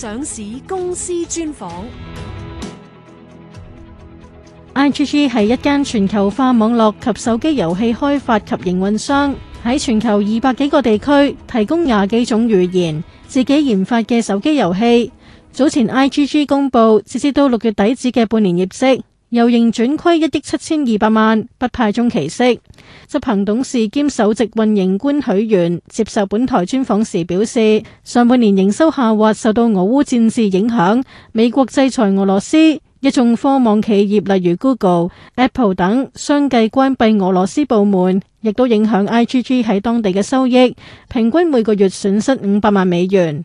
上市公司專訪，IGG 係一間全球化網絡及手機遊戲開發及營運商，喺全球二百幾個地區提供廿幾種語言自己研發嘅手機遊戲。早前 IGG 公佈截至到六月底止嘅半年業績。由盈轉虧一億七千二百萬，不派中期息。執行董事兼首席運營官許元接受本台專訪時表示，上半年營收下滑受到俄烏戰事影響，美國制裁俄羅斯，一眾科網企業例如 Google、Apple 等相繼關閉俄羅斯部門，亦都影響 IGG 喺當地嘅收益，平均每個月損失五百萬美元。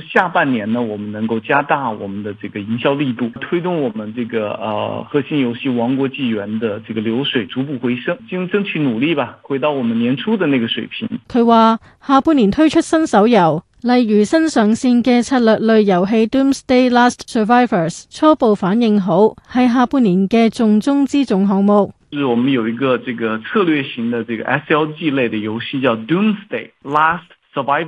下半年呢，我們能夠加大我們的這個營銷力度，推動我們這個呃核心遊戲《王國紀元》的這個流水逐步回升，經爭取努力吧，回到我們年初的那個水平。佢話下半年推出新手遊，例如新上線嘅策略類遊戲《Doomsday Last Survivors》，初步反應好，係下半年嘅重中之重項目。就是我們有一個這個策略型的這個 SLG 類的遊戲叫，叫《Doomsday Last Survivors》。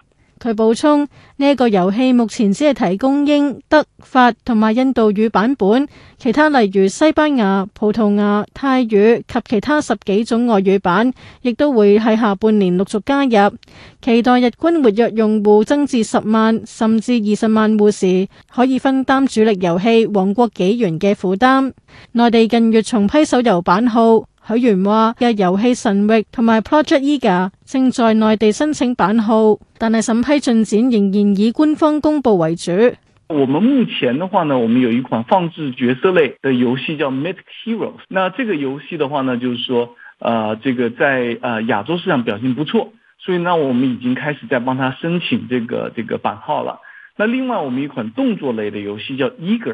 佢補充：呢個遊戲目前只係提供英、德、法同埋印度語版本，其他例如西班牙、葡萄牙、泰語及其他十幾種外語版，亦都會喺下半年陸續加入。期待日均活躍用戶增至十萬甚至二十萬戶時，可以分擔主力遊戲《王國紀元》嘅負擔。內地近月重批手遊版號。許元話：嘅遊戲《神域》同埋《Project Eager》正在內地申請版號，但係審批進展仍然以官方公佈為主。我們目前的話呢，我們有一款放置角色類的遊戲叫《Mythic Heroes》，那這個遊戲的話呢，就是說，呃，這個在呃亞洲市場表現不錯，所以呢，我們已經開始在幫他申請這個這個版號了。那另外，我們一款動作類的遊戲叫《Eager》。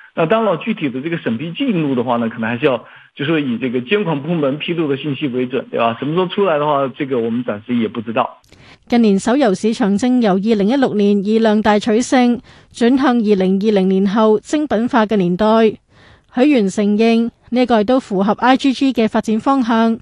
那當然，具體的這個審批進度的話呢，可能還是要就說以這個監管部門披露的信息為準，對吧？什麼時候出來的話，這個我們暫時也不知道。近年手遊市場正由二零一六年以量大取勝，轉向二零二零年後精品化嘅年代。許元承認呢個都符合 I G G 嘅發展方向。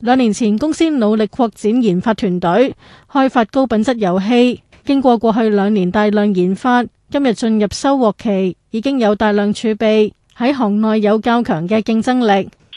兩年前公司努力擴展研發團隊，開發高品質遊戲。經過過去兩年大量研發，今日進入收穫期。已經有大量儲備，喺行內有較強嘅競爭力。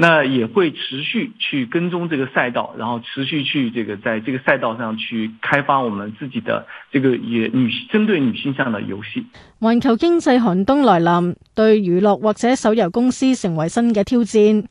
那也會持續去跟蹤這個賽道，然後持續去這個在這個賽道上去開發我們自己的這個也女性針對女性向的遊戲。環球經濟寒冬來臨，對娛樂或者手遊公司成為新嘅挑戰。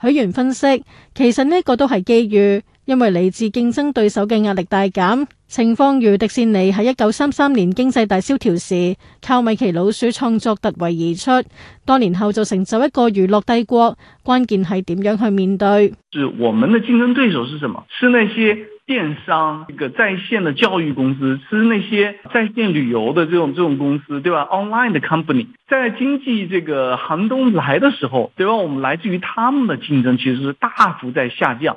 許元分析，其實呢個都係機遇。因為嚟自競爭對手嘅壓力大減，情況如迪士尼喺一九三三年經濟大蕭條時，靠米奇老鼠創作突圍而出。多年後就成就一個娛樂帝國。關鍵係點樣去面對？是我們的競爭對手是什麼？是那些電商、一個在線的教育公司，是那些在線旅遊的這種這種公司，對吧？Online 的 company 在經濟這個寒冬來的時候，對吧？我們來自於他們的競爭其實是大幅在下降。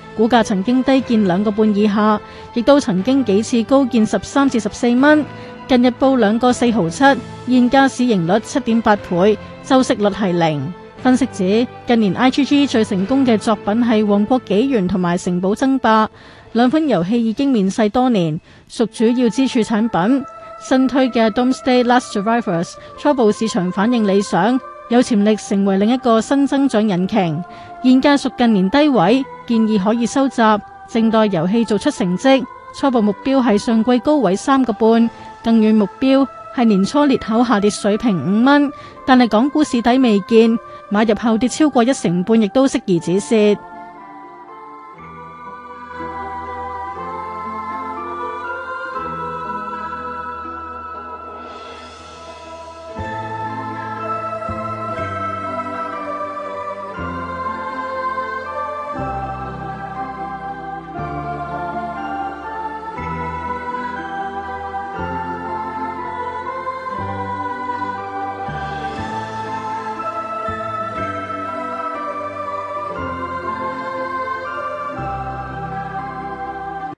股價曾經低見兩個半以下，亦都曾經幾次高見十三至十四蚊。近日報兩個四毫七，現價市盈率七點八倍，周息率係零。分析指近年 IGG 最成功嘅作品係《王國紀元》同埋《城堡爭霸》兩款遊戲已經面世多年，屬主要支柱產品。新推嘅《Doomsday Last Survivors》初步市場反應理想，有潛力成為另一個新增長引擎。現價屬近年低位。建議可以收集，正待遊戲做出成績。初步目標係上季高位三個半，更遠目標係年初裂口下跌水平五蚊。但係港股市底未見，買入後跌超過一成半，亦都適宜止蝕。